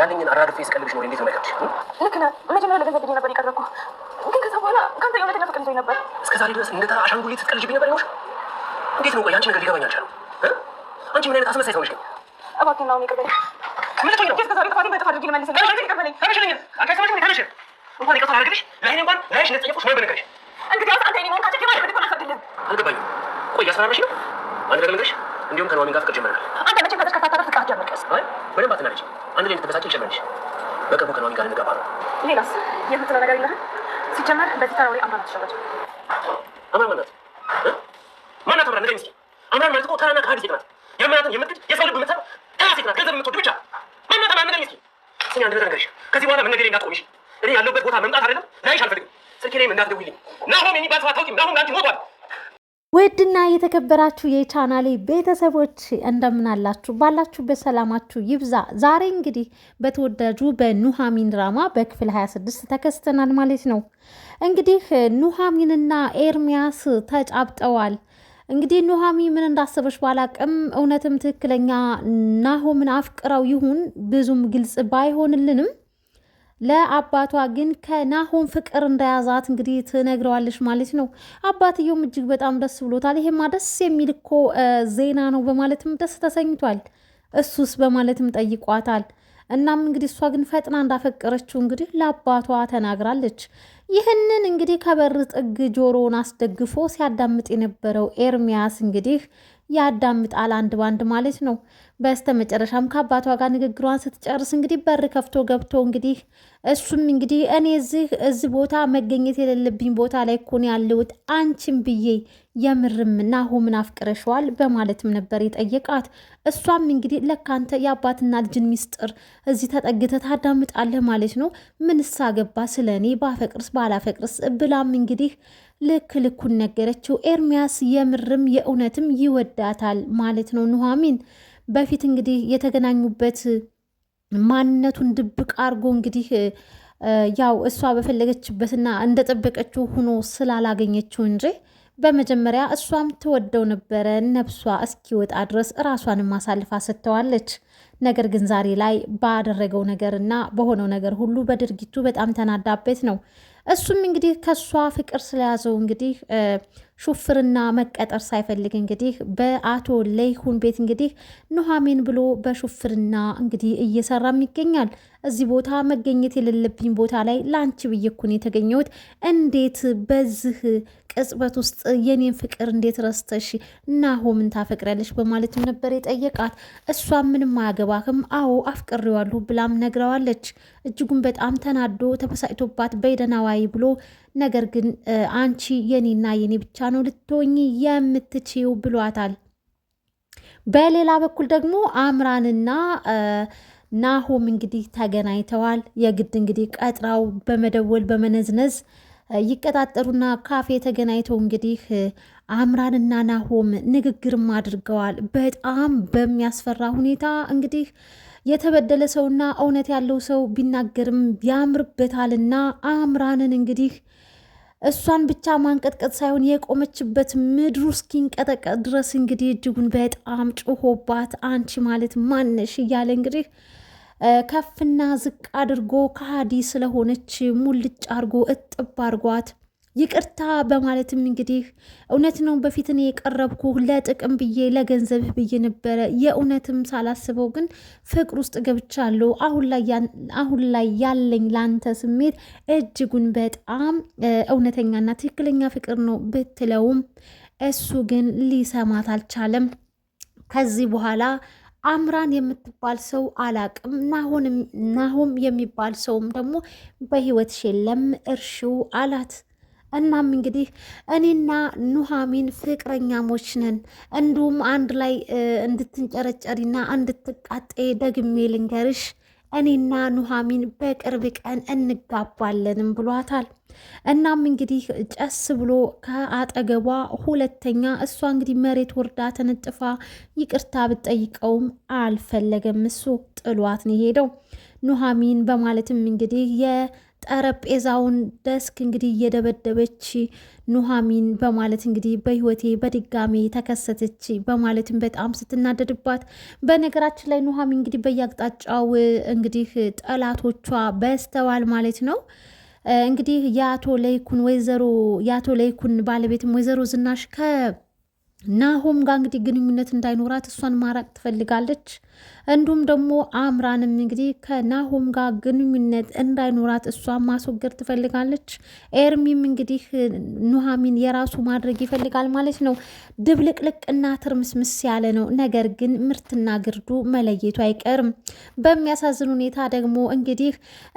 ያለኝን አራርፌ ስቀልብሽ ኖር እንዴት ነው የማይከብድሽ? ልክ ነህ። መጀመሪያ ለገንዘብ ብዬሽ ነበር የቀረብኩ፣ ግን ከዛ በኋላ ከአንተ የእውነት ፍቅር ይዞኝ ነበር። እስከ ዛሬ ድረስ እንደ ተራ አሻንጉሊት ስትቀልጅብኝ ነበር። ይሞሽ እንዴት ነው? ቆይ አንቺ ነገር ሊገባኝ አልቻለም። አንቺ ምን አይነት አስመሳይ ሰው ነሽ? ግን እባክህን አሁን ይቅር በለኝ። ምን ነው? እስከ ዛሬ ጥፋቴን በጥፋት አድርጌ ልመልስልህ። ይቅር በለኝ። ተነሽልኝ። አንቺ አስመሽልኝ። ተነሽ። እንኳን ይቅርታ አላደርግልሽ ለአይኔ እንኳን ላይሽ እንደተጠየቅኩሽ ምን በነገርሽ። እንግዲህ አሁን አንተ እኔ ካቸ ካንቺ ይባል ብትቆና ሰድልኝ። አልገባኝም። ቆይ ያስፈራራሽ ነው አንድ ነገር ልንገርሽ። እንዲሁም ከነዋሚን ጋር ፍቅር ጀምረናል። አንተ መቼም ከዚህ ከታታ ፍቅር ጀምረቀስ አይ አትናለች አንድ ላይ ልትበሳጭ ይችላልሽ። በቅርቡ ከነዋሚ ጋር እንጋባ ነው። ሌላስ የምትለው ነገር የለህም? ሲጀመር በዚህ ተራ ወሬ አምራን አትሸወድ። አምራን ማናት? ማናት? አምራን ነገር እስኪ። አምራን ማለት እኮ ተራና ከሀዲ ሴት ናት። የማያትን የሰው ልብ የምትሰራ ተራ ሴት ናት። ገንዘብ የምትወድ ብቻ። ማናት? አምራን ንገሪኝ እስኪ። ስሚ አንድ ነገር ነገርሽ፣ ከዚህ በኋላ መነገሬ እንዳትቆሚሽ። እኔ ያለሁበት ቦታ መምጣት አይደለም ላይሽ አልፈልግም። ስልኬ ላይም እንዳትደውይልኝ። ናሆም የሚባል ሰው አታውቂም። ናሆም ለአንቺ ሞቷል። ውድና የተከበራችሁ የቻናሌ ቤተሰቦች እንደምናላችሁ ባላችሁበት ሰላማችሁ ይብዛ። ዛሬ እንግዲህ በተወዳጁ በኑሃሚን ድራማ በክፍል 26 ተከስተናል ማለት ነው። እንግዲህ ኑሃሚንና ኤርሚያስ ተጫብጠዋል። እንግዲህ ኑሃሚ ምን እንዳሰበች ባላቅም እውነትም ትክክለኛ ናሆምን አፍቅረው ይሁን ብዙም ግልጽ ባይሆንልንም ለአባቷ ግን ከናሆም ፍቅር እንደያዛት እንግዲህ ትነግረዋለች ማለት ነው። አባትየውም እጅግ በጣም ደስ ብሎታል። ይሄማ ደስ የሚል እኮ ዜና ነው በማለትም ደስ ተሰኝቷል። እሱስ በማለትም ጠይቋታል። እናም እንግዲህ እሷ ግን ፈጥና እንዳፈቀረችው እንግዲህ ለአባቷ ተናግራለች። ይህንን እንግዲህ ከበር ጥግ ጆሮውን አስደግፎ ሲያዳምጥ የነበረው ኤርሚያስ እንግዲህ ያዳምጣል አንድ ባንድ ማለት ነው። በስተመጨረሻም ከአባቷ ጋር ንግግሯን ስትጨርስ እንግዲህ በር ከፍቶ ገብቶ እንግዲህ እሱም እንግዲህ እኔ እዚህ እዚህ ቦታ መገኘት የሌለብኝ ቦታ ላይ እኮ ነው ያለሁት አንቺን ብዬ የምርም ናሆምን አፍቅረሸዋል በማለትም ነበር የጠየቃት። እሷም እንግዲህ ለካንተ የአባትና ልጅን ሚስጥር እዚህ ተጠግተ ታዳምጣለህ ማለት ነው፣ ምንስ አገባ ስለ እኔ ባፈቅርስ ባላፈቅርስ ብላም እንግዲህ ልክ ልኩን ነገረችው። ኤርሚያስ የምርም የእውነትም ይወዳታል ማለት ነው ኑሐሚን በፊት እንግዲህ የተገናኙበት ማንነቱን ድብቅ አድርጎ እንግዲህ ያው እሷ በፈለገችበትና እንደጠበቀችው ሆኖ ስላላገኘችው እንጂ በመጀመሪያ እሷም ትወደው ነበረ። ነፍሷ እስኪወጣ ድረስ እራሷንም ማሳልፋ ሰጥተዋለች። ነገር ግን ዛሬ ላይ ባደረገው ነገርና በሆነው ነገር ሁሉ በድርጊቱ በጣም ተናዳበት ነው እሱም እንግዲህ ከእሷ ፍቅር ስለያዘው እንግዲህ ሹፍርና መቀጠር ሳይፈልግ እንግዲህ በአቶ ለይሁን ቤት እንግዲህ ኑሐሚን ብሎ በሹፍርና እንግዲህ እየሰራም ይገኛል። እዚህ ቦታ መገኘት የሌለብኝ ቦታ ላይ ለአንቺ ብዬ እኮ ነው የተገኘሁት። እንዴት በዚህ ቅጽበት ውስጥ የኔን ፍቅር እንዴት ረስተሽ ናሆምን ታፈቅሪያለሽ በማለትም ነበር የጠየቃት። እሷ ምንም አያገባህም፣ አዎ አፍቅሬዋለሁ ብላም ነግረዋለች። እጅጉን በጣም ተናዶ ተበሳጭቶባት በይደናዋይ ብሎ ነገር ግን አንቺ የኔና የኔ ብቻ ነው ልትሆኝ የምትችው ብሏታል። በሌላ በኩል ደግሞ አምራንና ናሆም እንግዲህ ተገናኝተዋል። የግድ እንግዲህ ቀጥራው በመደወል በመነዝነዝ ይቀጣጠሩና ካፌ ተገናኝተው እንግዲህ አምራንና ናሆም ንግግርም አድርገዋል። በጣም በሚያስፈራ ሁኔታ እንግዲህ የተበደለ ሰውና እውነት ያለው ሰው ቢናገርም ያምርበታልና አምራንን እንግዲህ እሷን ብቻ ማንቀጥቀጥ ሳይሆን የቆመችበት ምድሩ እስኪንቀጠቀጥ ድረስ እንግዲህ እጅጉን በጣም ጮሆባት አንቺ ማለት ማነሽ እያለ እንግዲህ ከፍና ዝቅ አድርጎ ከሃዲ ስለሆነች ሙልጭ አርጎ እጥብ አርጓት ይቅርታ በማለትም እንግዲህ እውነት ነው በፊት እኔ የቀረብኩ ለጥቅም ብዬ ለገንዘብህ ብዬ ነበረ። የእውነትም ሳላስበው ግን ፍቅር ውስጥ ገብቻለሁ። አሁን ላይ ያለኝ ላንተ ስሜት እጅጉን በጣም እውነተኛና ትክክለኛ ፍቅር ነው ብትለውም እሱ ግን ሊሰማት አልቻለም። ከዚህ በኋላ አምራን የምትባል ሰው አላቅም። ናሆም የሚባል ሰውም ደግሞ በህይወትሽ የለም እርሺው አላት። እናም እንግዲህ እኔና ኑሃሚን ፍቅረኛሞች ነን፣ እንዲሁም አንድ ላይ እንድትንጨረጨሪና እንድትቃጤ ደግሜ ልንገርሽ እኔና ኑሐሚን በቅርብ ቀን እንጋባለንም ብሏታል። እናም እንግዲህ ጨስ ብሎ ከአጠገቧ ሁለተኛ እሷ እንግዲህ መሬት ወርዳ ተነጥፋ ይቅርታ ብትጠይቀውም አልፈለገም። እሱ ጥሏት ነው የሄደው ኑሐሚን በማለትም እንግዲህ ጠረጴዛውን ደስክ እንግዲህ እየደበደበች ኑሐሚን በማለት እንግዲህ በህይወቴ በድጋሜ ተከሰተች በማለትም በጣም ስትናደድባት፣ በነገራችን ላይ ኑሐሚን እንግዲህ በየአቅጣጫው እንግዲህ ጠላቶቿ በስተዋል ማለት ነው። እንግዲህ የአቶ ለይኩን ወይዘሮ የአቶ ለይኩን ባለቤትም ወይዘሮ ዝናሽ ከ ናሆም ጋር እንግዲህ ግንኙነት እንዳይኖራት እሷን ማራቅ ትፈልጋለች። እንዲሁም ደግሞ አምራንም እንግዲህ ከናሆም ጋር ግንኙነት እንዳይኖራት እሷን ማስወገድ ትፈልጋለች። ኤርሚም እንግዲህ ኑሐሚን የራሱ ማድረግ ይፈልጋል ማለት ነው። ድብልቅልቅ እና ትርምስምስ ያለ ነው። ነገር ግን ምርትና ግርዱ መለየቱ አይቀርም። በሚያሳዝን ሁኔታ ደግሞ እንግዲህ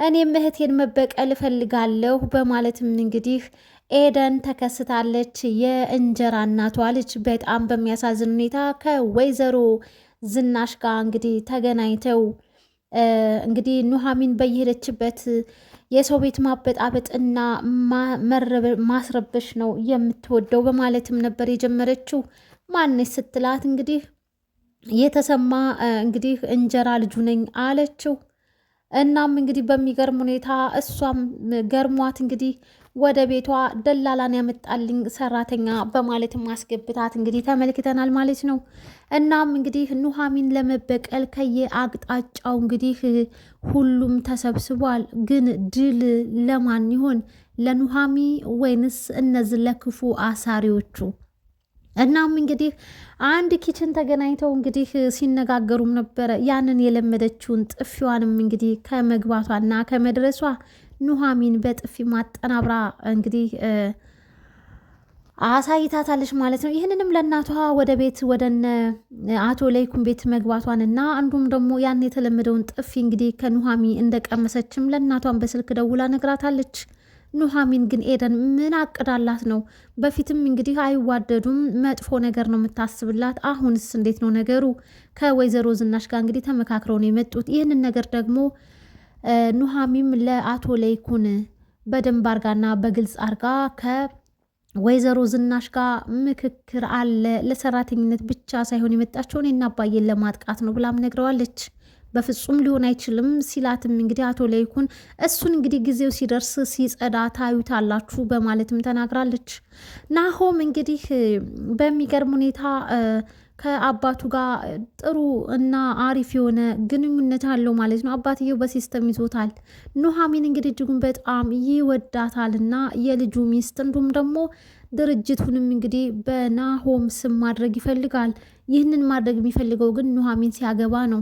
እኔም እህቴን መበቀል እፈልጋለሁ በማለትም እንግዲህ ኤደን ተከስታለች። የእንጀራ እናቷ ልጅ በጣም በሚያሳዝን ሁኔታ ከወይዘሮ ዝናሽ ጋር እንግዲህ ተገናኝተው እንግዲህ ኑሐሚን በየሄደችበት የሰው ቤት ማበጣበጥና ማስረበሽ ነው የምትወደው በማለትም ነበር የጀመረችው። ማነች ስትላት እንግዲህ የተሰማ እንግዲህ እንጀራ ልጁ ነኝ አለችው። እናም እንግዲህ በሚገርም ሁኔታ እሷም ገርሟት እንግዲህ ወደ ቤቷ ደላላን ያመጣልኝ ሰራተኛ በማለት ማስገብታት እንግዲህ ተመልክተናል ማለት ነው። እናም እንግዲህ ኑሐሚን ለመበቀል ከየ አቅጣጫው እንግዲህ ሁሉም ተሰብስቧል። ግን ድል ለማን ይሆን? ለኑሐሚ ወይንስ እነዚህ ለክፉ አሳሪዎቹ? እናም እንግዲህ አንድ ኪችን ተገናኝተው እንግዲህ ሲነጋገሩም ነበረ። ያንን የለመደችውን ጥፊዋንም እንግዲህ ከመግባቷና ከመድረሷ ኑሐሚን በጥፊ ማጠናብራ እንግዲህ አሳይታታለች ማለት ነው። ይህንንም ለእናቷ ወደ ቤት ወደነ አቶ ለይኩን ቤት መግባቷን እና አንዱም ደግሞ ያን የተለመደውን ጥፊ እንግዲህ ከኑሐሚ እንደቀመሰችም ለእናቷን በስልክ ደውላ ነግራታለች። ኑሐሚን ግን ኤደን ምን አቅዳላት ነው? በፊትም እንግዲህ አይዋደዱም መጥፎ ነገር ነው የምታስብላት። አሁንስ እንዴት ነው ነገሩ? ከወይዘሮ ዝናሽ ጋር እንግዲህ ተመካክረው ነው የመጡት። ይህንን ነገር ደግሞ ኑሃሚም ለአቶ ለይኩን በደንብ አርጋና በግልጽ አርጋ ከወይዘሮ ዝናሽ ጋር ምክክር አለ ለሰራተኝነት ብቻ ሳይሆን የመጣቸውን የናባየን ለማጥቃት ነው ብላም ነግረዋለች። በፍጹም ሊሆን አይችልም ሲላትም እንግዲህ አቶ ለይኩን እሱን እንግዲህ ጊዜው ሲደርስ ሲጸዳ ታዩታላችሁ በማለትም ተናግራለች። ናሆም እንግዲህ በሚገርም ሁኔታ ከአባቱ ጋር ጥሩ እና አሪፍ የሆነ ግንኙነት አለው ማለት ነው። አባትየው በሲስተም ይዞታል። ኑሐሚን እንግዲህ እጅጉን በጣም ይወዳታል እና የልጁ ሚስት እንዲሁም ደግሞ ድርጅቱንም እንግዲህ በናሆም ስም ማድረግ ይፈልጋል። ይህንን ማድረግ የሚፈልገው ግን ኑሐሚን ሲያገባ ነው።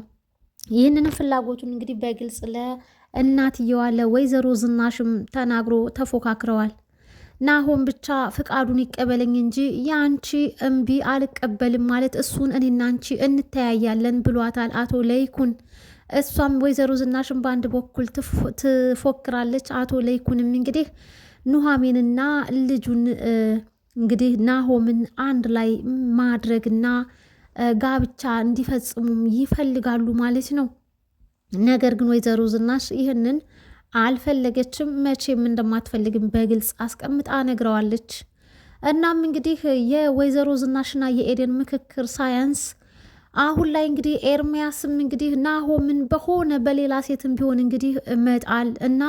ይህንንም ፍላጎቱን እንግዲህ በግልጽ ለእናትየዋ ለወይዘሮ ዝናሽም ተናግሮ ተፎካክረዋል። ናሆም ብቻ ፍቃዱን ይቀበለኝ እንጂ የአንቺ እምቢ አልቀበልም ማለት እሱን እኔና አንቺ እንተያያለን ብሏታል አቶ ለይኩን። እሷም ወይዘሮ ዝናሽም በአንድ በኩል ትፎክራለች። አቶ ለይኩንም እንግዲህ ኑሐሚንና ልጁን እንግዲህ ናሆምን አንድ ላይ ማድረግና ጋብቻ እንዲፈጽሙም ይፈልጋሉ ማለት ነው። ነገር ግን ወይዘሮ ዝናሽ ይህንን አልፈለገችም። መቼም እንደማትፈልግም በግልጽ አስቀምጣ ነግረዋለች። እናም እንግዲህ የወይዘሮ ዝናሽና የኤደን ምክክር ሳያንስ አሁን ላይ እንግዲህ ኤርሚያስም እንግዲህ ናሆምን በሆነ በሌላ ሴትም ቢሆን እንግዲህ መጣል እና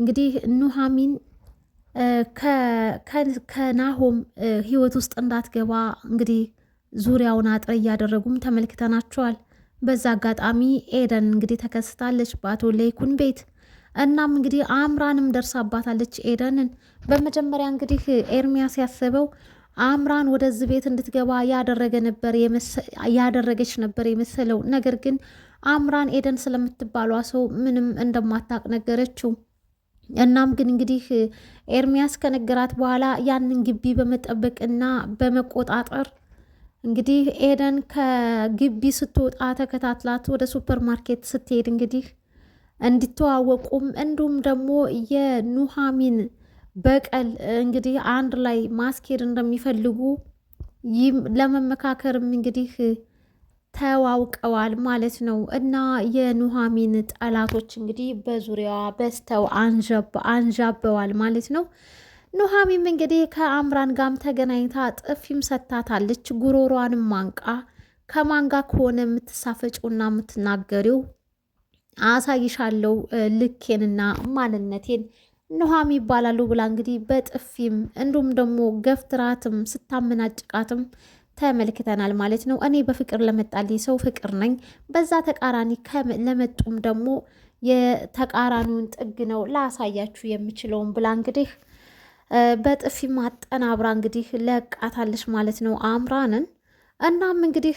እንግዲህ ኑሃሚን ከናሆም ህይወት ውስጥ እንዳትገባ እንግዲህ ዙሪያውን አጥር እያደረጉም ተመልክተናቸዋል። በዛ አጋጣሚ ኤደን እንግዲህ ተከስታለች በአቶ ለይኩን ቤት። እናም እንግዲህ አምራንም ደርሳባታለች ኤደንን። በመጀመሪያ እንግዲህ ኤርሚያስ ያሰበው አምራን ወደዚህ ቤት እንድትገባ ያደረገ ነበር ያደረገች ነበር የመሰለው። ነገር ግን አምራን ኤደን ስለምትባሏ ሰው ምንም እንደማታቅ ነገረችው። እናም ግን እንግዲህ ኤርሚያስ ከነገራት በኋላ ያንን ግቢ በመጠበቅና በመቆጣጠር እንግዲህ ኤደን ከግቢ ስትወጣ ተከታትላት ወደ ሱፐር ማርኬት ስትሄድ እንግዲህ እንዲተዋወቁም እንዲሁም ደግሞ የኑሃሚን በቀል እንግዲህ አንድ ላይ ማስኬድ እንደሚፈልጉ ለመመካከርም እንግዲህ ተዋውቀዋል ማለት ነው። እና የኑሃሚን ጠላቶች እንግዲህ በዙሪያዋ በስተው አንዣበዋል ማለት ነው። ኑሐሚንም እንግዲህ ከአምራን ጋም ተገናኝታ ጥፊም ሰታታለች። ጉሮሯንም ማንቃ ከማን ጋር ከሆነ የምትሳፈጭውና የምትናገሪው አሳይሻለው ልኬንና ማንነቴን ኑሐሚ ይባላሉ ብላ እንግዲህ በጥፊም እንዲሁም ደግሞ ገፍትራትም ስታመናጭቃትም ተመልክተናል ማለት ነው። እኔ በፍቅር ለመጣልኝ ሰው ፍቅር ነኝ፣ በዛ ተቃራኒ ለመጡም ደግሞ የተቃራኒውን ጥግ ነው ላሳያችሁ የምችለውን ብላ እንግዲህ በጥፊ ማጠናብራ እንግዲህ ለቃታለች ማለት ነው አምራንን። እናም እንግዲህ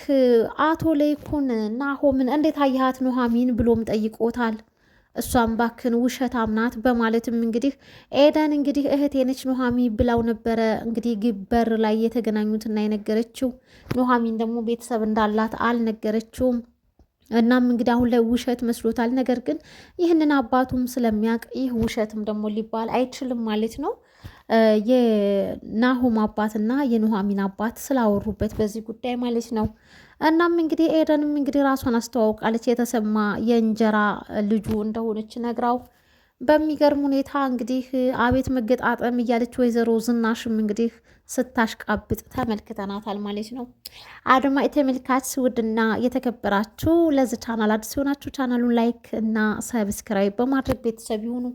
አቶ ለይኩን ናሆምን እንዴት አየሃት ኑሐሚን ብሎም ጠይቆታል። እሷም ባክን ውሸታም ናት በማለትም እንግዲህ ኤደን እንግዲህ እህቴ ነች ኑሐሚ ብላው ነበረ። እንግዲህ ግበር ላይ የተገናኙትና የነገረችው ኑሐሚን ደግሞ ቤተሰብ እንዳላት አልነገረችውም። እናም እንግዲህ አሁን ላይ ውሸት መስሎታል። ነገር ግን ይህንን አባቱም ስለሚያውቅ ይህ ውሸትም ደግሞ ሊባል አይችልም ማለት ነው። የናሆም አባትና የኑሐሚን አባት ስላወሩበት በዚህ ጉዳይ ማለት ነው። እናም እንግዲህ ኤደንም እንግዲህ ራሷን አስተዋውቃለች። የተሰማ የእንጀራ ልጁ እንደሆነች ነግራው በሚገርም ሁኔታ እንግዲህ አቤት መገጣጠም እያለች ወይዘሮ ዝናሽም እንግዲህ ስታሽቃብጥ ተመልክተናታል ማለት ነው። አድማጭ ተመልካች፣ ውድና የተከበራችሁ ለዚህ ቻናል አዲስ የሆናችሁ ቻናሉን ላይክ እና ሰብስክራይብ በማድረግ ቤተሰብ ይሁኑ።